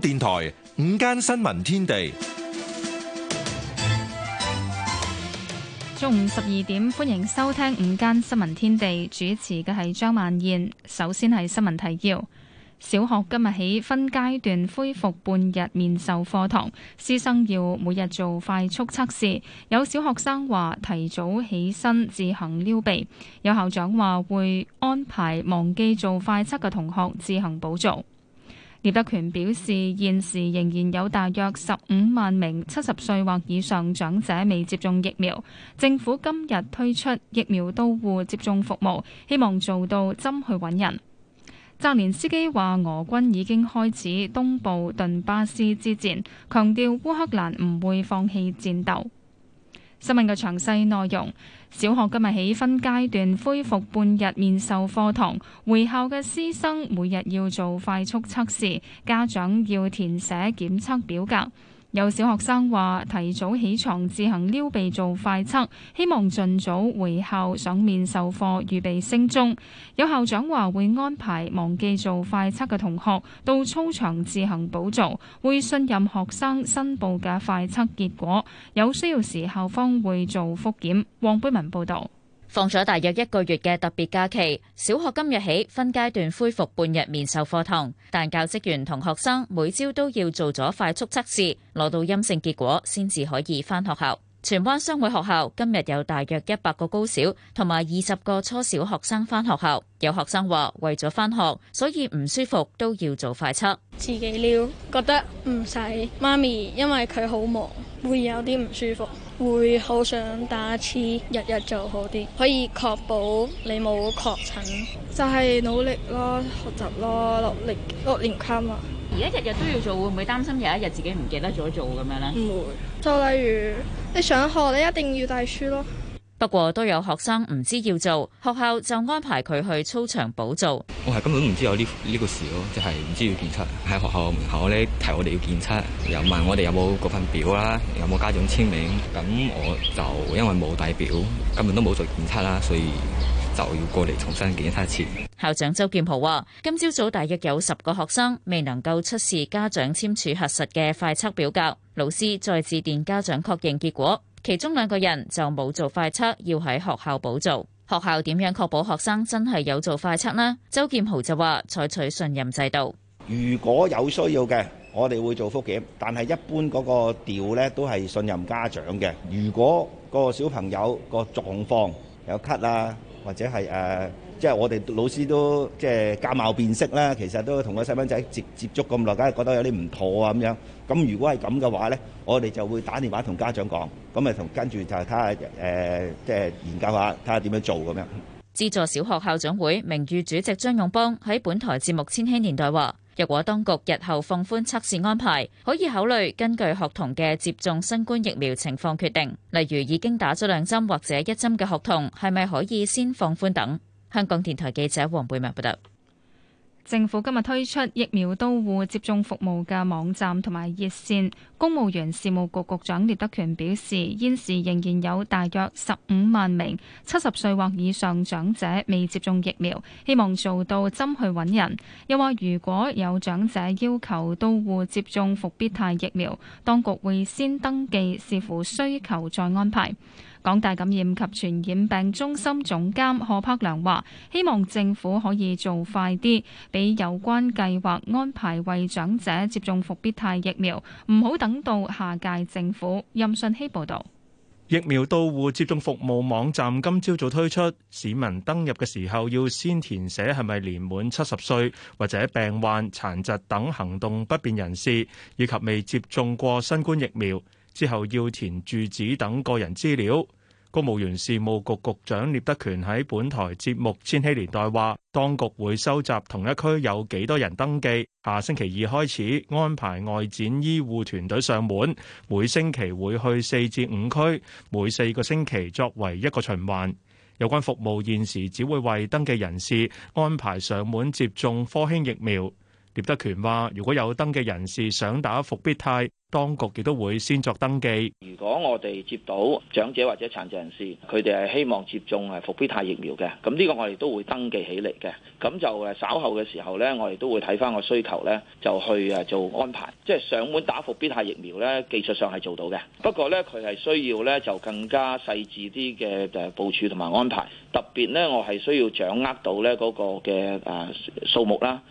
電台午間新聞天地，中午十二點，歡迎收聽午間新聞天地。主持嘅係張萬燕。首先係新聞提要：小學今日起分階段恢復半日面授課堂，師生要每日做快速測試。有小學生話提早起身自行撩鼻，有校長話會安排忘記做快測嘅同學自行補做。聶德權表示，現時仍然有大約十五萬名七十歲或以上長者未接種疫苗。政府今日推出疫苗到戶接種服務，希望做到針去搵人。澤連斯基話，俄軍已經開始東部頓巴斯之戰，強調烏克蘭唔會放棄戰鬥。新聞嘅詳細內容。小學今日起分階段恢復半日面授課堂，回校嘅師生每日要做快速測試，家長要填寫檢測表格。有小學生話提早起床自行撩鼻做快測，希望盡早回校上面授課，預備升中。有校長話會安排忘記做快測嘅同學到操場自行補做，會信任學生申報嘅快測結果，有需要時校方會做復檢。黃貝文報導。放咗大約一個月嘅特別假期，小學今日起分階段恢復半日面授課堂，但教職員同學生每朝都要做咗快速測試，攞到陰性結果先至可以翻學校荃灣商會學校今日有大約一百個高小同埋二十個初小學生翻學校，有學生話為咗翻學，所以唔舒服都要做快測。自己撩，覺得唔使媽咪，因為佢好忙。會有啲唔舒服，會好想打次，日日做好啲，可以確保你冇確診，就係努力咯，學習咯，落力，六年級嘛。而家日日都要做，會唔會擔心有一日自己唔記得咗做咁樣呢？唔會，就例如你上學，你一定要帶書咯。不過都有學生唔知要做，學校就安排佢去操場補做。我係根本唔知有呢呢個事咯，即係唔知要檢測。喺學校門口咧，提我哋要檢測，又問我哋有冇嗰份表啦，有冇家長簽名。咁我就因為冇帶表，根本都冇做檢測啦，所以就要過嚟重新檢測一次。校長周劍豪話，今朝早大約有十個學生未能夠出示家長簽署核實嘅快測表格，老師再致電家長確認結果。其中兩個人就冇做快測，要喺學校補做。學校點樣確保學生真係有做快測呢？周劍豪就話採取信任制度，如果有需要嘅，我哋會做復檢。但係一般嗰個調呢都係信任家長嘅。如果個小朋友個狀況有咳啊，或者係誒。Uh, 即係我哋老師都即係假冒變色啦。其實都同個細蚊仔接接觸咁耐，梗係覺得有啲唔妥啊！咁樣咁，如果係咁嘅話咧，我哋就會打電話同家長講。咁咪同跟住就睇下誒，即係研究下睇下點樣做咁樣。資助小學校長會名譽主席張勇邦喺本台節目《千禧年代》話：「若果當局日後放寬測試安排，可以考慮根據學童嘅接種新冠疫苗情況決定，例如已經打咗兩針或者一針嘅學童係咪可以先放寬等？」香港電台記者黃貝文報道，政府今日推出疫苗到戶接種服務嘅網站同埋熱線。公務員事務局局長聶德權表示，現時仍然有大約十五萬名七十歲或以上長者未接種疫苗，希望做到針去搵人。又話如果有長者要求到戶接種復必泰疫苗，當局會先登記視乎需求再安排。港大感染及傳染病中心總監何柏，柏良話，希望政府可以做快啲，俾有關計劃安排為長者接種復必泰疫苗，唔好等到下屆政府。任信希報道。疫苗到戶接種服務網站今朝早推出，市民登入嘅時候要先填寫係咪年滿七十歲，或者病患、殘疾等行動不便人士，以及未接種過新冠疫苗。之後，要填住址等個人資料。公務員事務局局長聶德權喺本台節目《千禧年代》話，當局會收集同一區有幾多人登記，下星期二開始安排外展醫護團隊上門，每星期會去四至五區，每四個星期作為一個循環。有關服務現時只會為登記人士安排上門接種科興疫苗。聶德權話，如果有登記人士想打復必泰，當局亦都會先作登記。如果我哋接到長者或者殘疾人士，佢哋係希望接種誒復必泰疫苗嘅，咁呢個我哋都會登記起嚟嘅。咁就誒稍後嘅時候咧，我哋都會睇返個需求咧，就去誒做安排。即係上門打復必泰疫苗咧，技術上係做到嘅，不過咧佢係需要咧就更加細緻啲嘅誒部署同埋安排。特別咧，我係需要掌握到咧嗰個嘅誒數目啦。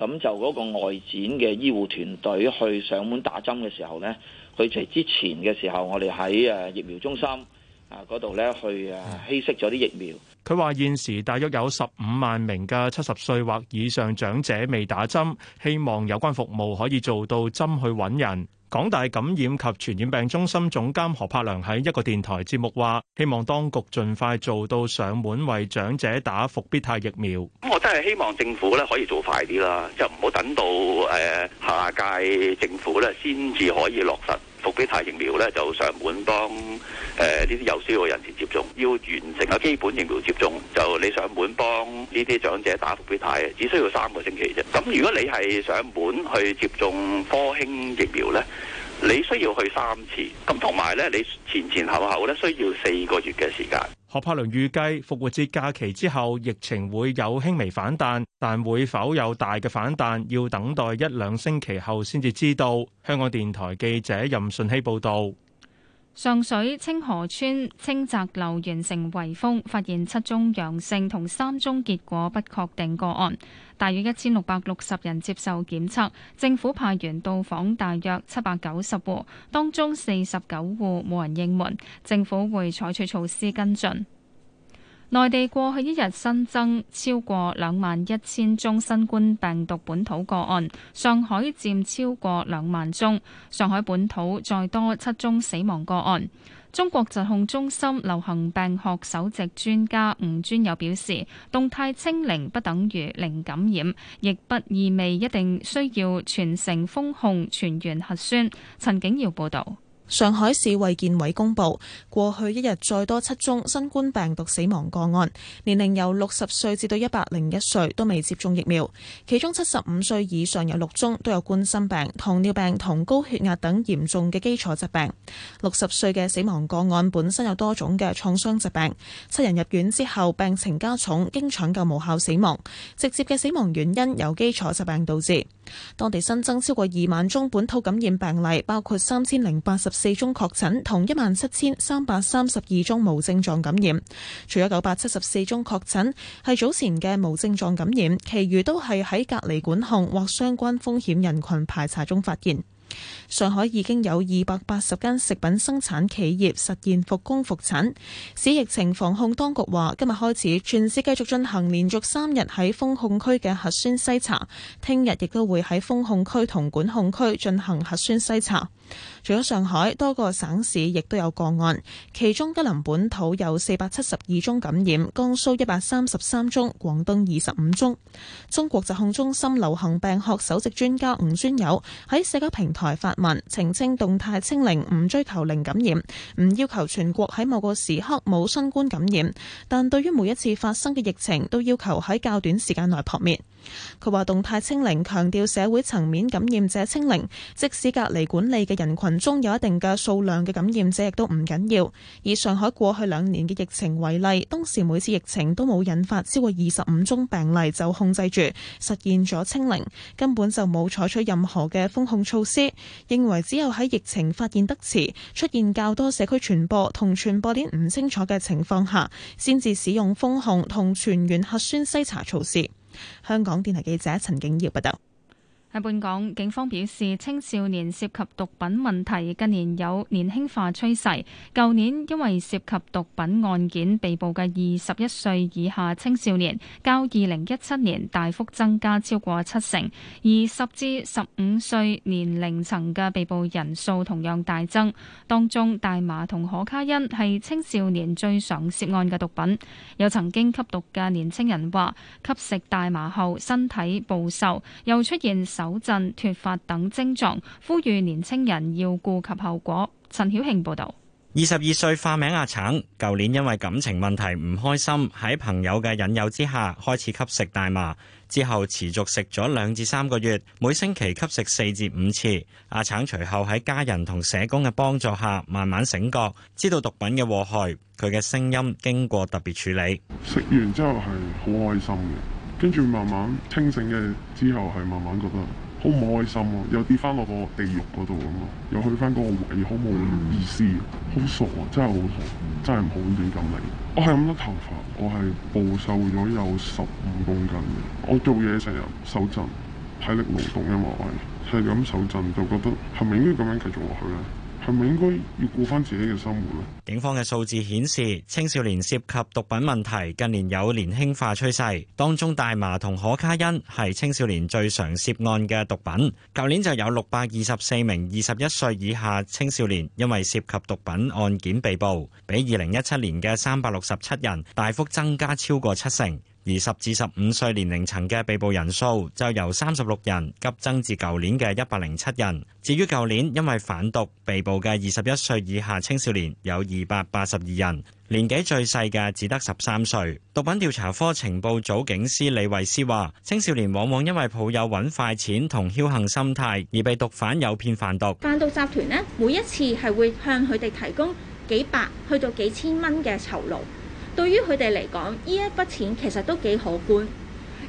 咁就嗰個外展嘅醫護團隊去上門打針嘅時候呢，佢就之前嘅時候，我哋喺疫苗中心嗰度呢，去啊稀釋咗啲疫苗。佢話現時大約有十五萬名嘅七十歲或以上長者未打針，希望有關服務可以做到針去揾人。港大感染及傳染病中心總監何柏良喺一個電台節目話：希望當局盡快做到上門為長者打復必泰疫苗。咁我真係希望政府咧可以做快啲啦，就唔好等到誒下屆政府咧先至可以落實。復必泰疫苗咧就上門幫誒呢啲有需要嘅人士接種，要完成個基本疫苗接種，就你上門幫呢啲長者打復必泰，只需要三個星期啫。咁如果你係上門去接種科興疫苗咧，你需要去三次，咁同埋咧你前前後後咧需要四個月嘅時間。何柏良預計復活節假期之後疫情會有輕微反彈，但會否有大嘅反彈，要等待一兩星期後先至知道。香港電台記者任信希報導。上水清河村清澤樓完成圍封，發現七宗陽性同三宗結果不確定個案，大約一千六百六十人接受檢測，政府派員到訪大約七百九十戶，當中四十九戶冇人應門，政府會採取措施跟進。內地過去一日新增超過兩萬一千宗新冠病毒本土個案，上海佔超過兩萬宗，上海本土再多七宗死亡個案。中國疾控中心流行病學首席專家吳尊友表示，動態清零不等於零感染，亦不意味一定需要全城封控、全員核酸。陳景耀報導。上海市衛健委公布，過去一日再多七宗新冠病毒死亡個案，年齡由六十歲至到一百零一歲，都未接種疫苗。其中七十五歲以上有六宗，都有冠心病、糖尿病同高血壓等嚴重嘅基礎疾病。六十歲嘅死亡個案本身有多種嘅創傷疾病，七人入院之後病情加重，經搶救無效死亡。直接嘅死亡原因由基礎疾病導致。當地新增超過二萬宗本土感染病例，包括三千零八十四宗確診，同一萬七千三百三十二宗無症狀感染。除咗九百七十四宗確診係早前嘅無症狀感染，其餘都係喺隔離管控或相關風險人群排查中發現。上海已經有二百八十間食品生產企業實現復工復產。市疫情防控當局話，今日開始全市繼續進行連續三日喺封控區嘅核酸篩查，聽日亦都會喺封控區同管控區進行核酸篩查。除咗上海，多個省市亦都有個案，其中吉林本土有四百七十二宗感染，江蘇一百三十三宗，廣東二十五宗。中國疾控中心流行病學首席專家吳尊友喺社交平台發文，澄清動態清零唔追求零感染，唔要求全國喺某個時刻冇新冠感染，但對於每一次發生嘅疫情，都要求喺較短時間內撲滅。佢話動態清零強調社會層面感染者清零，即使隔離管理嘅人群中有一定嘅數量嘅感染者，亦都唔緊要。以上海過去兩年嘅疫情為例，當時每次疫情都冇引發超過二十五宗病例就控制住，實現咗清零，根本就冇採取任何嘅封控措施。認為只有喺疫情發現得遲、出現較多社區傳播同傳播點唔清楚嘅情況下，先至使用封控同全員核酸篩查措施。香港電台記者陳景耀報道。喺本港，警方表示青少年涉及毒品問題近年有年輕化趨勢，舊年因為涉及毒品案件被捕嘅二十一歲以下青少年，較二零一七年大幅增加超過七成。十至十五歲年齡層嘅被捕人數同樣大增。當中大麻同可卡因係青少年最常涉案嘅毒品。有曾經吸毒嘅年青人話吸食大麻後身體暴瘦，又出現。抖震、脱髮等症狀，呼籲年青人要顧及後果。陳曉慶報導：二十二歲化名阿橙，舊年因為感情問題唔開心，喺朋友嘅引誘之下，開始吸食大麻，之後持續食咗兩至三個月，每星期吸食四至五次。阿橙隨後喺家人同社工嘅幫助下，慢慢醒覺，知道毒品嘅禍害。佢嘅聲音經過特別處理，食完之後係好開心嘅。跟住慢慢清醒嘅之後，係慢慢覺得好唔開心咯、啊，又跌翻落個地獄嗰度咁咯，又去翻嗰個位，好冇意思、啊，好傻，啊、傻，真係好傻，真係唔好亂咁嚟。我係咁甩頭髮，我係暴瘦咗有十五公斤嘅。我做嘢成日手震，體力勞動因為我係咁手震，就覺得係咪應該咁樣繼續落去咧？係咪應該要顧翻自己嘅生活呢？警方嘅數字顯示，青少年涉及毒品問題近年有年輕化趨勢，當中大麻同可卡因係青少年最常涉案嘅毒品。舊年就有六百二十四名二十一歲以下青少年因為涉及毒品案件被捕，比二零一七年嘅三百六十七人大幅增加超過七成。而十至十五歲年齡層嘅被捕人數就由三十六人急增至舊年嘅一百零七人。至於舊年因為販毒被捕嘅二十一歲以下青少年有二百八十二人，年紀最細嘅只得十三歲。毒品調查科情報組警司李維斯話，青少年往往因為抱有揾快錢同僥倖心態而被毒販誘騙販毒。販毒集團呢，每一次係會向佢哋提供幾百去到幾千蚊嘅酬勞。對於佢哋嚟講，呢一筆錢其實都幾可觀。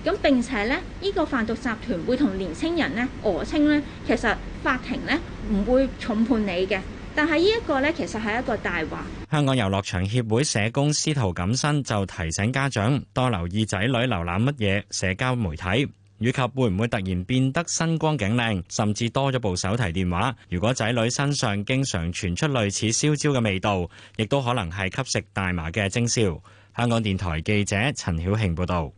咁並且呢，呢個販毒集團會同年青人呢訛稱呢，其實法庭呢唔會重判你嘅。但係呢一個呢，其實係一個大話。香港遊樂場協會社工司徒錦新就提醒家長多留意仔女瀏覽乜嘢社交媒體。以及會唔會突然變得身光頸靚，甚至多咗部手提電話？如果仔女身上經常傳出類似燒焦嘅味道，亦都可能係吸食大麻嘅徵兆。香港電台記者陳曉慶報道。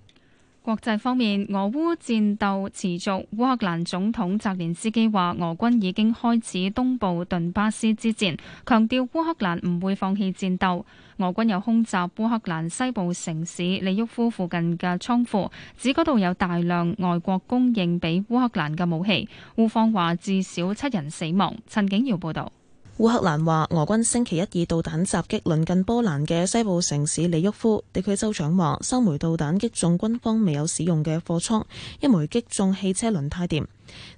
國際方面，俄烏戰鬥持續。烏克蘭總統澤連斯基話，俄軍已經開始東部頓巴斯之戰，強調烏克蘭唔會放棄戰鬥。俄軍有空襲烏克蘭西部城市利沃夫附近嘅倉庫，指嗰度有大量外國供應俾烏克蘭嘅武器。烏方話至少七人死亡。陳景堯報道。烏克蘭話，俄軍星期一以導彈襲擊鄰近波蘭嘅西部城市利沃夫，地區州長話三枚導彈擊中軍方未有使用嘅貨倉，一枚擊中汽車輪胎店，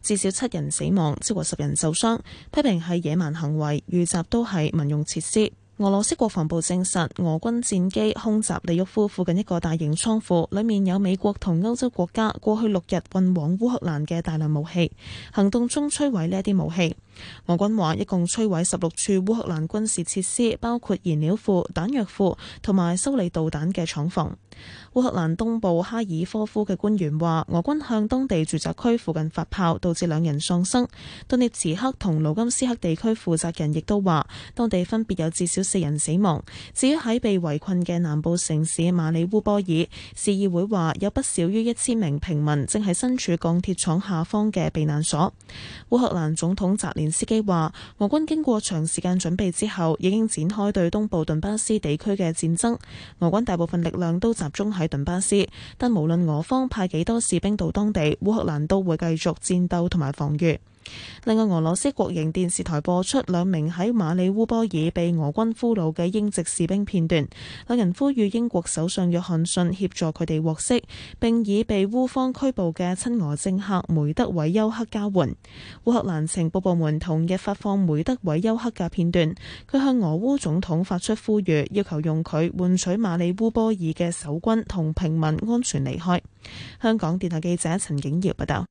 至少七人死亡，超過十人受傷，批評係野蠻行為，遇襲都係民用設施。俄羅斯國防部證實，俄軍戰機空襲利沃夫附近一個大型倉庫，裡面有美國同歐洲國家過去六日運往烏克蘭嘅大量武器。行動中摧毀呢一啲武器。俄軍話，一共摧毀十六處烏克蘭軍事設施，包括燃料庫、彈藥庫同埋修理導彈嘅廠房。烏克蘭東部哈爾科夫嘅官員話，俄軍向當地住宅區附近發炮，導致兩人喪生。頓涅茨克同盧甘斯克地區負責人亦都話，當地分別有至少四人死亡。至於喺被圍困嘅南部城市馬里烏波爾，市議會話有不少於一千名平民正喺身處鋼鐵廠下方嘅避難所。烏克蘭總統澤連斯基話，俄軍經過長時間準備之後，已經展開對東部頓巴斯地區嘅戰爭。俄軍大部分力量都集中喺頓巴斯，但無論俄方派幾多士兵到當地，烏克蘭都會繼續戰鬥同埋防禦。另外，俄羅斯國營電視台播出兩名喺馬里烏波爾被俄軍俘虜嘅英籍士兵片段，兩人呼籲英國首相約翰遜協助佢哋獲釋，並以被烏方拘捕嘅親俄政客梅德韋丘克交換。烏克蘭情報部門同日發放梅德韋丘克嘅片段，佢向俄烏總統發出呼籲，要求用佢換取馬里烏波爾嘅守軍同平民安全離開。香港電台記者陳景瑤報道。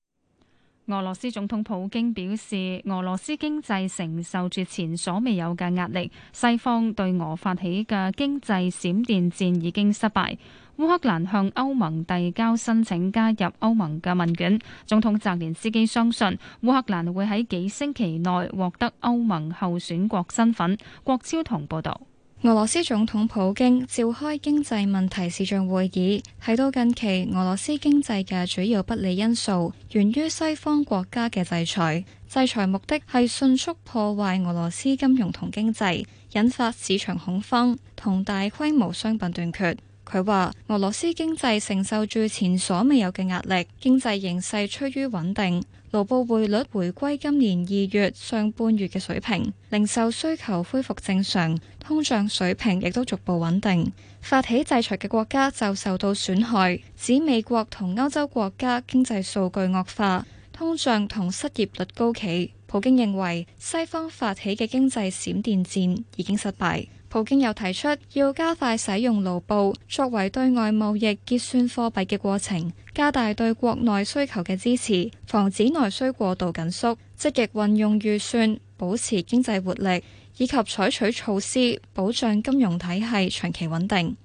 俄羅斯總統普京表示，俄羅斯經濟承受住前所未有嘅壓力，西方對俄發起嘅經濟閃電戰已經失敗。烏克蘭向歐盟遞交申請加入歐盟嘅問卷，總統澤連斯基相信烏克蘭會喺幾星期內獲得歐盟候選國身份。郭超同報道。俄羅斯總統普京召開經濟問題視像會議，提到近期俄羅斯經濟嘅主要不利因素，源於西方國家嘅制裁。制裁目的係迅速破壞俄羅斯金融同經濟，引發市場恐慌同大規模商品短缺。佢話：俄羅斯經濟承受住前所未有嘅壓力，經濟形勢趨於穩定，盧布匯率回歸今年二月上半月嘅水平，零售需求恢復正常，通脹水平亦都逐步穩定。發起制裁嘅國家就受到損害，指美國同歐洲國家經濟數據惡化，通脹同失業率高企。普京認為西方發起嘅經濟閃電戰已經失敗。普京又提出要加快使用盧布作為對外貿易結算貨幣嘅過程，加大對國內需求嘅支持，防止內需過度緊縮，積極運用預算保持經濟活力，以及採取措施保障金融體系長期穩定。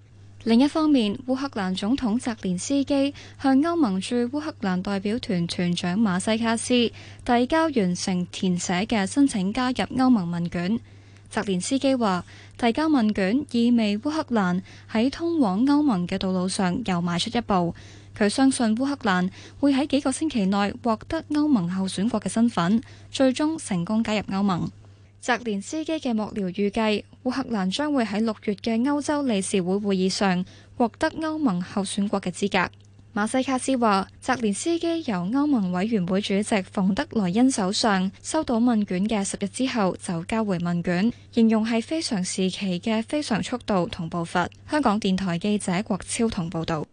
另一方面，烏克蘭總統澤連斯基向歐盟駐烏克蘭代表團團長馬西卡斯遞交完成填寫嘅申請加入歐盟問卷。澤連斯基話：提交問卷意味烏克蘭喺通往歐盟嘅道路上又邁出一步。佢相信烏克蘭會喺幾個星期內獲得歐盟候選國嘅身份，最終成功加入歐盟。澤連斯基嘅幕僚預計，烏克蘭將會喺六月嘅歐洲理事會會議上獲得歐盟候選國嘅資格。馬西卡斯話：澤連斯基由歐盟委員會主席馮德萊恩手上收到問卷嘅十日之後就交回問卷，形容係非常時期嘅非常速度同步伐。香港電台記者郭超同報導。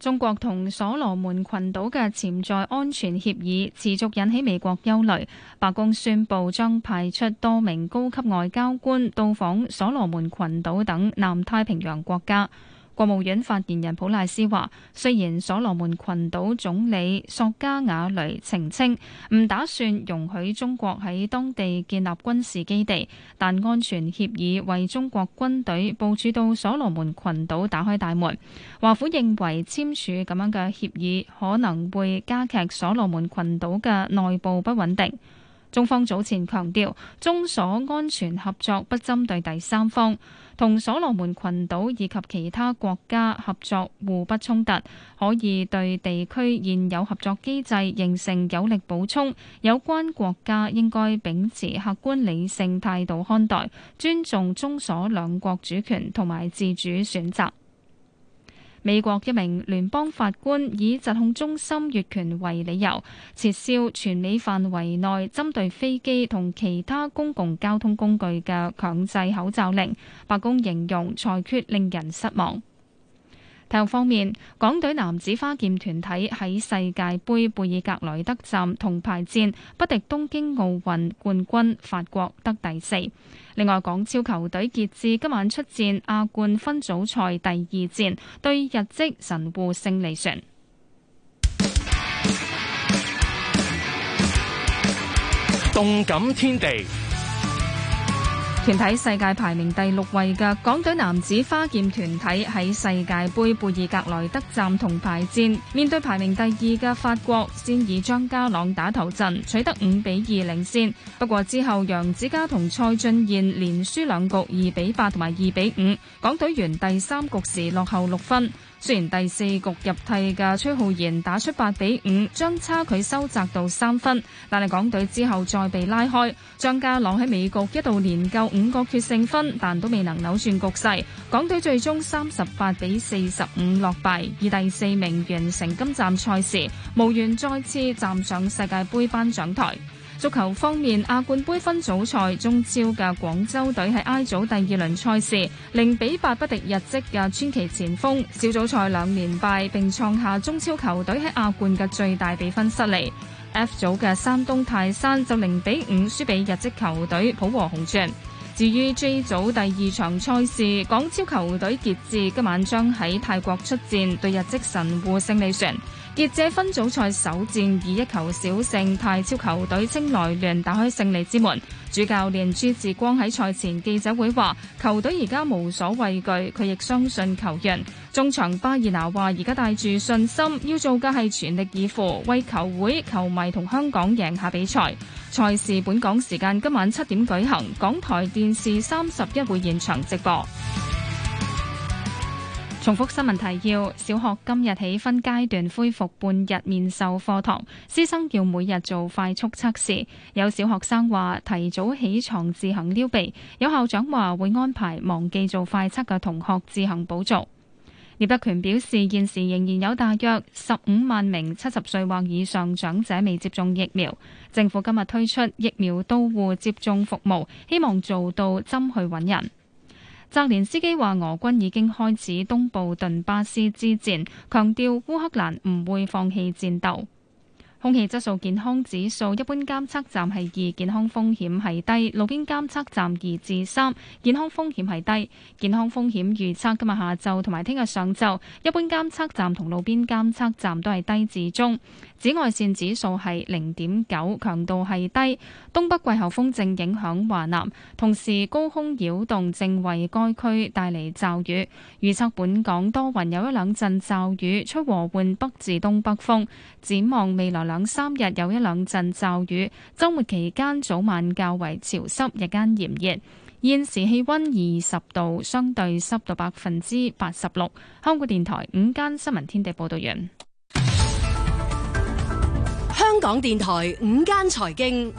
中國同所羅門群島嘅潛在安全協議持續引起美國憂慮，白宮宣佈將派出多名高級外交官到訪所羅門群島等南太平洋國家。國務院發言人普賴斯話，雖然所羅門群島總理索加瓦雷澄清，唔打算容許中國喺當地建立軍事基地，但安全協議為中國軍隊部署到所羅門群島打開大門。華府認為簽署咁樣嘅協議可能會加劇所羅門群島嘅內部不穩定。中方早前強調，中所安全合作不針對第三方，同所羅門群島以及其他國家合作互不衝突，可以對地區現有合作機制形成有力補充。有關國家應該秉持客觀理性態度看待，尊重中所兩國主權同埋自主選擇。美國一名聯邦法官以疾控中心越權為理由，撤銷全美範圍內針對飛機同其他公共交通工具嘅強制口罩令。白宮形容裁決令人失望。體育方面，港隊男子花劍團體喺世界杯貝爾格萊德站銅牌戰不敵東京奧運冠,冠軍法國得第四。另外，港超球隊傑志今晚出戰亞冠分組賽第二戰，對日職神戶勝利船。動感天地。團體世界排名第六位嘅港隊男子花劍團體喺世界杯貝爾格萊德站銅牌戰，面對排名第二嘅法國，先以張家朗打頭陣，取得五比二領先。不過之後楊子嘉同蔡俊彥連輸兩局，二比八同埋二比五，港隊完第三局時落後六分。雖然第四局入替嘅崔浩然打出八比五，將差距收窄到三分，但係港隊之後再被拉開。張家朗喺尾局一度連救五個決勝分，但都未能扭轉局勢，港隊最終三十八比四十五落敗，以第四名完成今站賽事，無緣再次站上世界杯頒獎台。足球方面，亞冠杯分組賽中超嘅廣州隊喺 I 組第二輪賽事零比八不敵日職嘅川崎前鋒，小組賽兩連敗並創下中超球隊喺亞冠嘅最大比分失利。F 組嘅山東泰山就零比五輸俾日職球隊浦和紅鑽。至於 J 組第二場賽事，港超球隊傑志今晚將喺泰國出戰對日職神戶勝利船。記者分組賽首戰以一球小勝泰超球隊清萊聯，打開勝利之門。主教練朱志光喺賽前記者會話：球隊而家無所畏懼，佢亦相信球員。中場巴爾拿話：而家帶住信心，要做嘅係全力以赴，為球會、球迷同香港贏下比賽。賽事本港時間今晚七點舉行，港台電視三十一會現場直播。重複新聞提要：小學今日起分階段恢復半日面授課堂，師生要每日做快速測試。有小學生話提早起床自行撩鼻，有校長話會安排忘記做快測嘅同學自行補做。聶德權表示，現時仍然有大約十五萬名七十歲或以上長者未接種疫苗，政府今日推出疫苗到戶接種服務，希望做到針去揾人。澤連斯基話：俄軍已經開始東部頓巴斯之戰，強調烏克蘭唔會放棄戰鬥。空氣質素健康指數，一般監測站係二，健康風險係低；路邊監測站二至三，健康風險係低。健康風險預測今日下晝同埋聽日上晝，一般監測站同路邊監測站都係低至中。紫外線指數係零點九，強度係低。東北季候風正影響華南，同時高空擾動正為該區帶嚟驟雨。預測本港多雲，有一兩陣驟雨，吹和緩北至東北風。展望未來。兩三日有一兩陣驟雨，周末期間早晚較為潮濕，日間炎熱。現時氣溫二十度，相對濕度百分之八十六。香港電台午間新聞天地報道員，香港電台午間財經，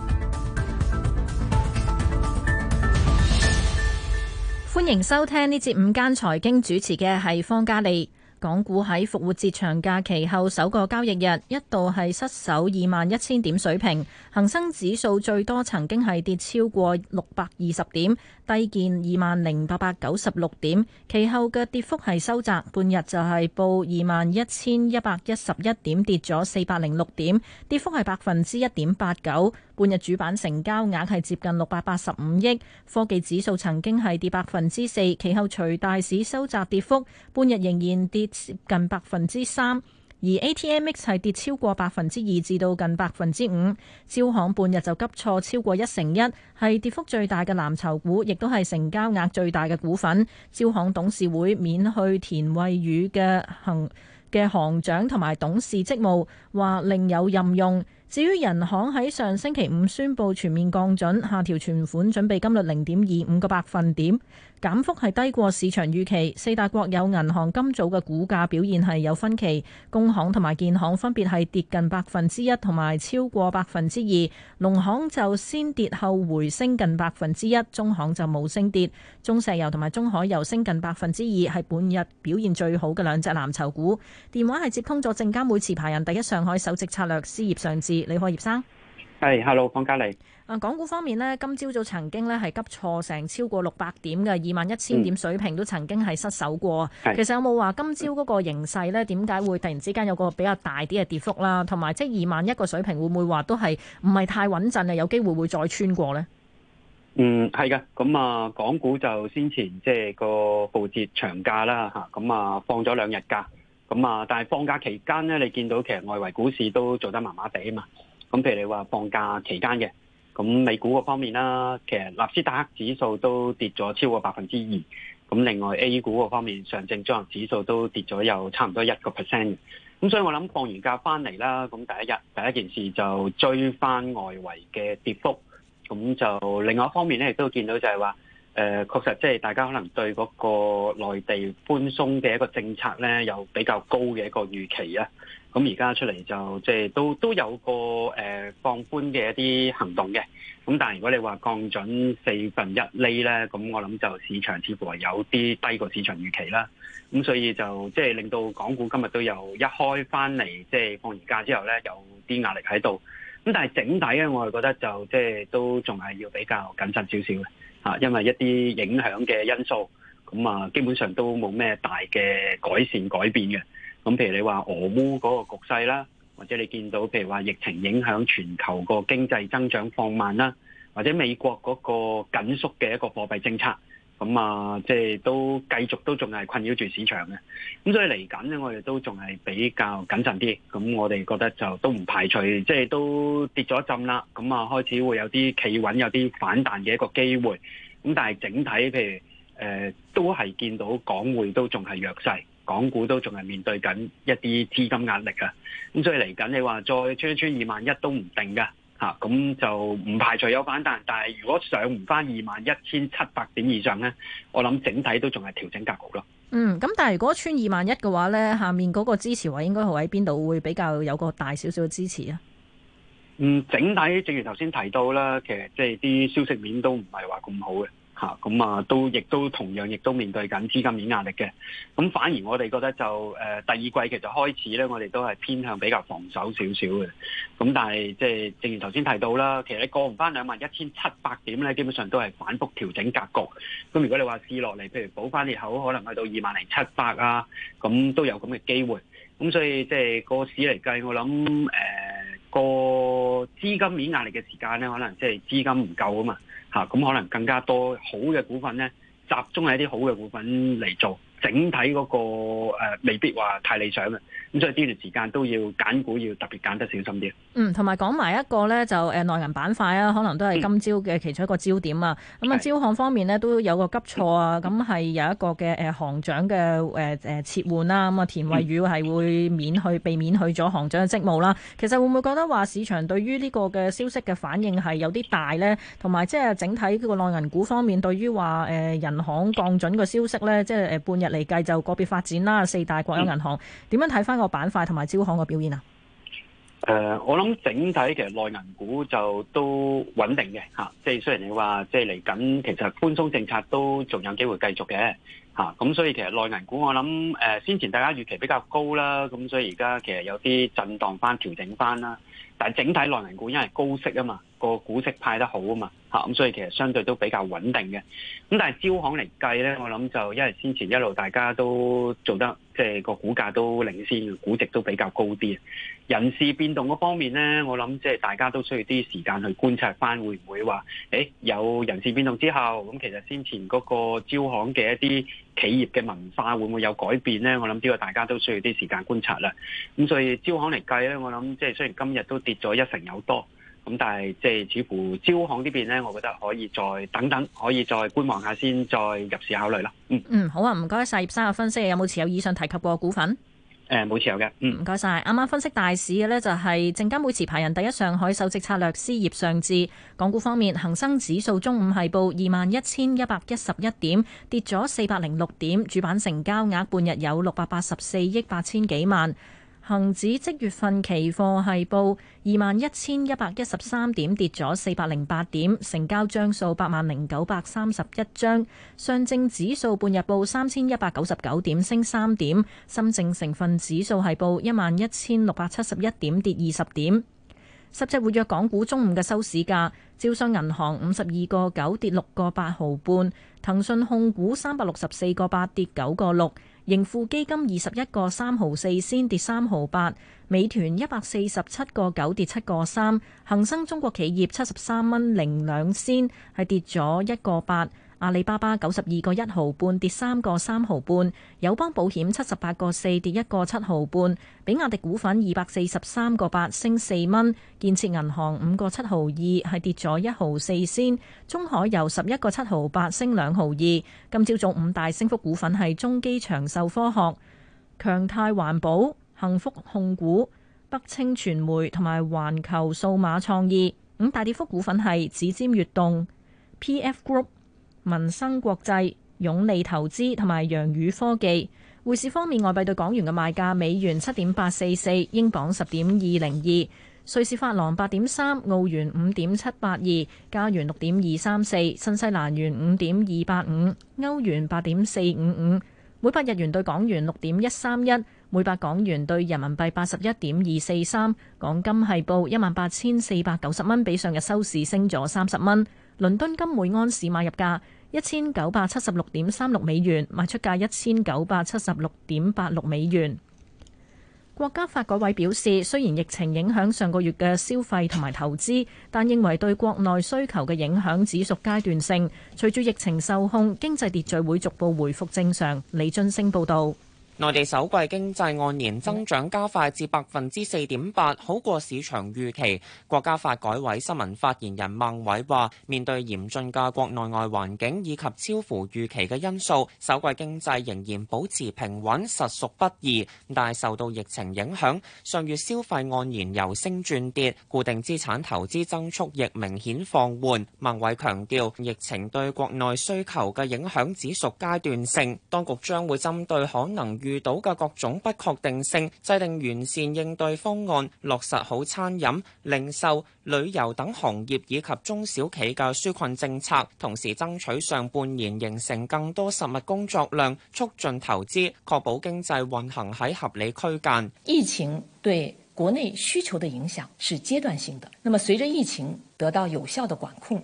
歡迎收聽呢節午間財經主持嘅係方嘉利。港股喺復活節長假期後首個交易日，一度係失守二萬一千點水平，恒生指數最多曾經係跌超過六百二十點，低見二萬零八百九十六點，其後嘅跌幅係收窄，半日就係報二萬一千一百一十一點，跌咗四百零六點，跌幅係百分之一點八九。半日主板成交額係接近六百八十五億，科技指數曾經係跌百分之四，其後隨大市收窄跌幅，半日仍然跌近百分之三。而 ATMX 係跌超過百分之二至到近百分之五，招行半日就急挫超過一成一，係跌幅最大嘅藍籌股，亦都係成交額最大嘅股份。招行董事會免去田惠宇嘅行嘅行長同埋董事職務，話另有任用。至於人行喺上星期五宣布全面降準，下調存款準備金率零點二五個百分點。減幅係低過市場預期，四大國有銀行今早嘅股價表現係有分歧，工行同埋建行分別係跌近百分之一同埋超過百分之二，農行就先跌後回升近百分之一，中行就冇升跌，中石油同埋中海油升近百分之二，係本日表現最好嘅兩隻藍籌股。電話係接通咗證監會持牌人第一上海首席策略師葉尚志，你好葉生，係，hello，方嘉莉。啊港股方面今朝早曾經係急挫成超過600咁美股嗰方面啦，其實納斯達克指數都跌咗超過百分之二。咁另外 A 股嗰方面，上證綜合指數都跌咗，有差唔多一個 percent。咁所以我諗放完假翻嚟啦，咁第一日第一件事就追翻外圍嘅跌幅。咁就另外一方面咧，亦都見到就係話。誒，確、呃、實即係大家可能對嗰個內地寬鬆嘅一個政策咧，有比較高嘅一個預期啊。咁而家出嚟就即係都都有個誒、呃、放寬嘅一啲行動嘅。咁、嗯、但係如果你話降準四分一厘咧，咁、嗯、我諗就市場似乎係有啲低過市場預期啦。咁、嗯、所以就即係令到港股今日都一、就是、有一開翻嚟，即係放完假之後咧有啲壓力喺度。咁但係整體咧，我係覺得就即係都仲係要比較謹慎少少嘅。啊，因為一啲影響嘅因素，咁啊，基本上都冇咩大嘅改善改變嘅。咁譬如你話俄烏嗰個局勢啦，或者你見到譬如話疫情影響全球個經濟增長放慢啦，或者美國嗰個緊縮嘅一個貨幣政策。咁啊，即係、嗯就是、都繼續都仲係困擾住市場嘅。咁所以嚟緊咧，我哋都仲係比較謹慎啲。咁我哋覺得就都唔排除，即、就、係、是、都跌咗一陣啦。咁、嗯、啊，開始會有啲企穩，有啲反彈嘅一個機會。咁但係整體譬如誒、呃、都係見到港匯都仲係弱勢，港股都仲係面對緊一啲資金壓力啊。咁所以嚟緊你話再穿一穿二萬一都唔定噶。吓，咁、啊、就唔排除有反彈，但係如果上唔翻二萬一千七百點以上咧，我諗整體都仲係調整格局咯。嗯，咁但係如果穿二萬一嘅話咧，下面嗰個支持位應該會喺邊度，會比較有個大少少嘅支持啊？嗯，整體正如頭先提到啦，其實即係啲消息面都唔係話咁好嘅。吓，咁啊、嗯，都亦都同樣，亦都面對緊資金面壓力嘅。咁、嗯、反而我哋覺得就誒、呃、第二季其實開始咧，我哋都係偏向比較防守少少嘅。咁、嗯、但係即係正如頭先提到啦，其實你過唔翻兩萬一千七百點咧，基本上都係反覆調整格局。咁、嗯、如果你話試落嚟，譬如補翻裂口，可能去到二萬零七百啊，咁、嗯、都有咁嘅機會。咁、嗯、所以即係個市嚟計，我諗誒個資金面壓力嘅時間咧，可能即係資金唔夠啊嘛。吓，咁、嗯、可能更加多好嘅股份咧，集中喺啲好嘅股份嚟做。整體嗰個未必話太理想嘅，咁所以呢段時間都要揀股要特別揀得小心啲。嗯，同埋講埋一個呢，就誒內銀板塊啊，可能都係今朝嘅其中一個焦點啊。咁啊，招行方面呢，都有個急挫啊，咁、嗯、係、嗯、有一個嘅誒行長嘅誒誒撤換啦。咁、呃、啊、呃呃呃呃，田惠宇係會免去避免去咗行長嘅職務啦。其實會唔會覺得話市場對於呢個嘅消息嘅反應係有啲大呢？同埋即係整體呢個內銀股方面對於話誒、呃、人行降準嘅消息呢，即係誒半日。嚟計就個別發展啦，四大國有銀行點、嗯、樣睇翻個板塊同埋招行個表現啊？誒、呃，我諗整體其實內銀股就都穩定嘅吓、啊，即係雖然你話即係嚟緊，其實寬鬆政策都仲有機會繼續嘅吓，咁、啊、所以其實內銀股我諗誒、呃，先前大家預期比較高啦，咁所以而家其實有啲震盪翻、調整翻啦，但係整體內銀股因為高息啊嘛。個股息派得好啊嘛，吓、啊、咁所以其實相對都比較穩定嘅。咁但係招行嚟計咧，我諗就因為先前一路大家都做得，即、就、係、是、個股價都領先，股值都比較高啲。人事變動嗰方面咧，我諗即係大家都需要啲時間去觀察翻，會唔會話誒有人事變動之後，咁其實先前嗰個招行嘅一啲企業嘅文化會唔會有改變咧？我諗呢個大家都需要啲時間觀察啦。咁所以招行嚟計咧，我諗即係雖然今日都跌咗一成有多。咁但係即係似乎招行呢邊呢，我覺得可以再等等，可以再觀望下先，再入市考慮啦。嗯嗯，好啊，唔該晒。葉生嘅分析有冇持有以上提及過股份？誒、嗯，冇持有嘅。嗯，唔該晒。啱啱分析大市嘅呢，就係證監會持牌人第一上海首席策略師葉尚志。港股方面，恒生指數中午係報二萬一千一百一十一點，跌咗四百零六點，主板成交額半日有六百八十四億八千幾萬。恒指即月份期貨係報二萬一千一百一十三點，跌咗四百零八點，成交張數八萬零九百三十一張。上證指數半日報三千一百九十九點，升三點。深證成分指數係報一萬一千六百七十一點，跌二十點。十隻活躍港股中午嘅收市價，招商銀行五十二個九跌六個八毫半，騰訊控股三百六十四個八跌九個六。盈富基金二十一個三毫四先跌三毫八，美團一百四十七個九跌七個三，恒生中國企業七十三蚊零兩先係跌咗一個八。阿里巴巴九十二個一毫半跌三個三毫半，友邦保險七十八個四跌一個七毫半，比亞迪股份二百四十三個八升四蚊，建設銀行五個七毫二係跌咗一毫四先，中海油十一個七毫八升兩毫二。今朝早五大升幅股份係中基長壽科學、強泰環保、幸福控股、北清傳媒同埋環球數碼創意。五大跌幅股份係指尖悅動、PF Group。民生國際、永利投資同埋洋宇科技。匯市方面，外幣對港元嘅賣價：美元七點八四四，英鎊十點二零二，瑞士法郎八點三，澳元五點七八二，加元六點二三四，新西蘭元五點二八五，歐元八點四五五，每百日元對港元六點一三一，每百港元對人民幣八十一點二四三。港金係報一萬八千四百九十蚊，比上日收市升咗三十蚊。倫敦金每安士買入價一千九百七十六點三六美元，賣出價一千九百七十六點八六美元。國家發改委表示，雖然疫情影響上個月嘅消費同埋投資，但認為對國內需求嘅影響只屬階段性，隨住疫情受控，經濟秩序會逐步回復正常。李俊升報導。內地首季經濟按年增長加快至百分之四點八，好過市場預期。國家發改委新聞發言人孟偉話：面對嚴峻嘅國內外環境以及超乎預期嘅因素，首季經濟仍然保持平穩，實屬不易。但受到疫情影響，上月消費按年由升轉跌，固定資產投資增速亦明顯放緩。孟偉強調，疫情對國內需求嘅影響只屬階段性，當局將會針對可能遇到嘅各種不確定性，制定完善應對方案，落實好餐飲、零售、旅遊等行業以及中小企嘅紓困政策，同時爭取上半年形成更多實物工作量，促進投資，確保經濟運行喺合理區間。疫情對國內需求的影響是階段性的，那麼，隨着疫情得到有效的管控。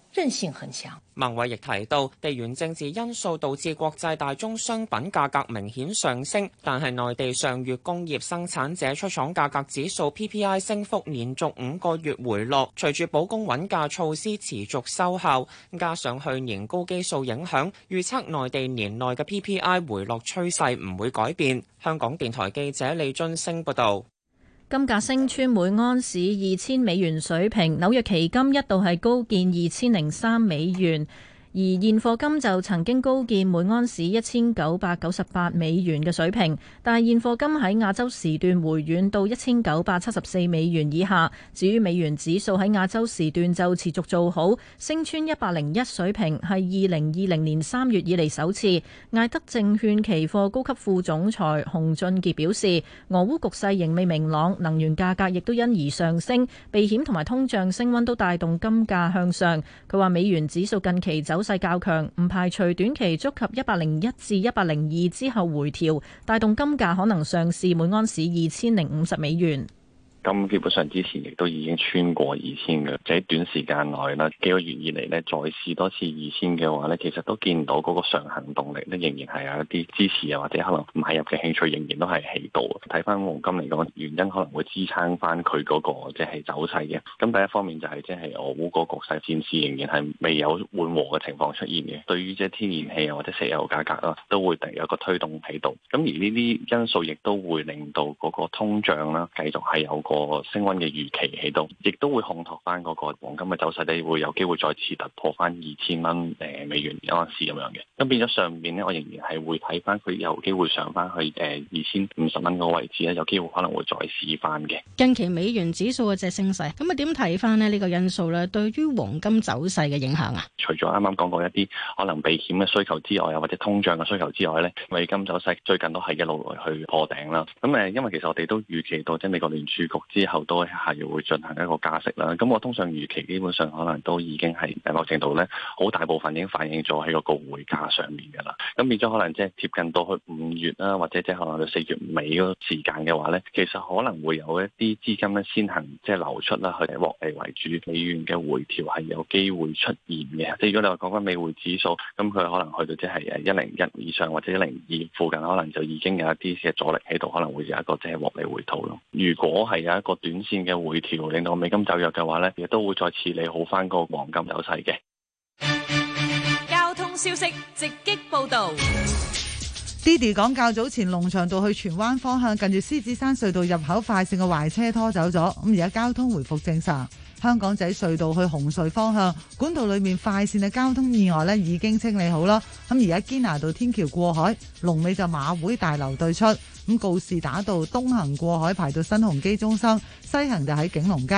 韌性很強，孟偉亦提到，地緣政治因素導致國際大宗商品價格明顯上升，但係內地上月工業生產者出廠價格指數 PPI 升幅連續五個月回落，隨住保供穩價措施持續收效，加上去年高基數影響，預測內地年內嘅 PPI 回落趨勢唔會改變，香港電台記者李津升報道。金價升穿每安士二千美元水平，紐約期金一度係高見二千零三美元。而現貨金就曾經高見每安士一千九百九十八美元嘅水平，但係現貨金喺亞洲時段回軟到一千九百七十四美元以下。至於美元指數喺亞洲時段就持續做好，升穿一百零一水平係二零二零年三月以嚟首次。艾德證券期貨高級副總裁洪俊傑表示，俄烏局勢仍未明朗，能源價格亦都因而上升，避險同埋通脹升溫都帶動金價向上。佢話美元指數近期走走勢較強，唔排除短期觸及一百零一至一百零二之後回調，帶動金價可能上市每安士二千零五十美元。咁基本上之前亦都已經穿過二千嘅，就喺短時間內啦，幾個月以嚟咧再試多次二千嘅話咧，其實都見到嗰個上行動力咧仍然係有一啲支持啊，或者可能買入嘅興趣仍然都係喺度。睇翻黃金嚟講，原因可能會支撐翻佢嗰個即係走勢嘅。咁第一方面就係即係俄烏個局勢戰事仍然係未有緩和嘅情況出現嘅，對於即係天然氣啊或者石油價格啦，都會第一個推動喺度。咁而呢啲因素亦都會令到嗰個通脹啦繼續係有。個升温嘅預期喺度，亦都會烘托翻嗰個黃金嘅走勢你會有機會再次突破翻二千蚊誒美元一盎司咁樣嘅。咁變咗上面咧，我仍然係會睇翻佢有機會上翻去誒二千五十蚊個位置咧，有機會可能會再試翻嘅。近期美元指數嘅即升勢，咁啊點睇翻呢？呢個因素咧，對於黃金走勢嘅影響啊？除咗啱啱講過一啲可能避險嘅需求之外，又或者通脹嘅需求之外咧，美金走勢最近都係一路來去破頂啦。咁誒，因為其實我哋都預期到即係美國聯儲局。之後都係又會進行一個加息啦，咁我通常預期基本上可能都已經係某程度咧，好大部分已經反映咗喺個匯價上面噶啦。咁變咗可能即係貼近到去五月啦，或者即係可能到四月尾嗰個時間嘅話咧，其實可能會有一啲資金咧先行即係流出啦，去獲利為主。美元嘅回調係有機會出現嘅。即係如果你話講返美匯指數，咁佢可能去到即係一零一以上或者一零二附近，可能就已經有一啲嘅阻力喺度，可能會有一個即係獲利回吐咯。如果係一個短線嘅回調，令到美金走弱嘅話呢亦都會再次利好翻個黃金走勢嘅。交通消息直擊報道，Diddy 講較早前龍翔道去荃灣方向，近住獅子山隧道入口快線嘅壞車拖走咗，咁而家交通回復正常。香港仔隧道去紅隧方向管道裏面快線嘅交通意外咧已經清理好啦，咁而家堅拿道天橋過海，龍尾就馬會大樓對出。咁告士打道東行過海排到新鴻基中心，西行就喺景隆街、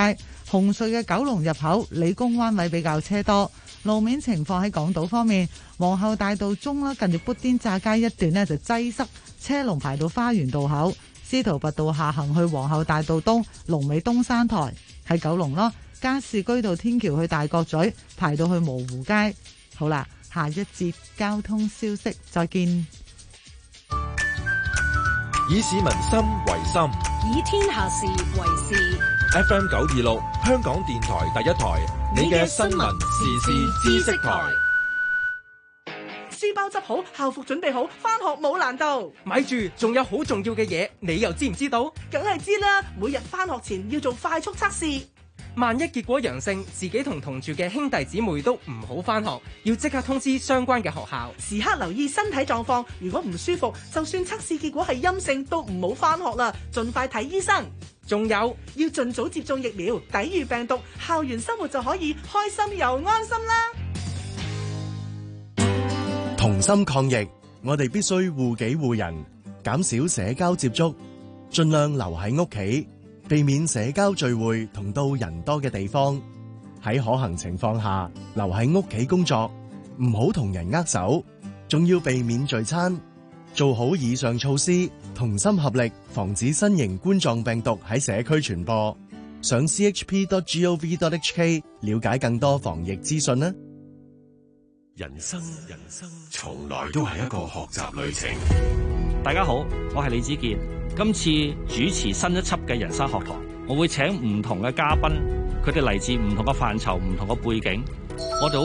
紅隧嘅九龍入口、理工灣位比較車多。路面情況喺港島方面，皇后大道中啦，近住砵甸乍街一段呢就擠塞，車龍排到花園道口。司徒拔道下行去皇后大道東、龍尾東山台。喺九龍啦。加士居道天橋去大角咀，排到去蕪湖街。好啦，下一節交通消息，再見。以市民心為心，以天下事為事。FM 九二六，香港電台第一台，你嘅新聞、時事、知識台。書包執好，校服準備好，翻學冇難度。咪住，仲有好重要嘅嘢，你又知唔知道？梗係知啦！每日翻學前要做快速測試。萬一結果陽性，自己同同住嘅兄弟姊妹都唔好翻學，要即刻通知相關嘅學校。時刻留意身體狀況，如果唔舒服，就算測試結果係陰性都唔好翻學啦，盡快睇醫生。仲有要盡早接種疫苗，抵禦病毒，校園生活就可以開心又安心啦。同心抗疫，我哋必須護己護人，減少社交接觸，盡量留喺屋企。避免社交聚會同到人多嘅地方，喺可行情況下留喺屋企工作，唔好同人握手，仲要避免聚餐。做好以上措施，同心合力防止新型冠狀病毒喺社區傳播。上 chp.gov.hk 了解更多防疫資訊啦。人生，人生從來都係一個學習旅程。大家好，我係李子健。今次主持新一輯嘅人生學堂，我會請唔同嘅嘉賓，佢哋嚟自唔同嘅範疇、唔同嘅背景，我哋。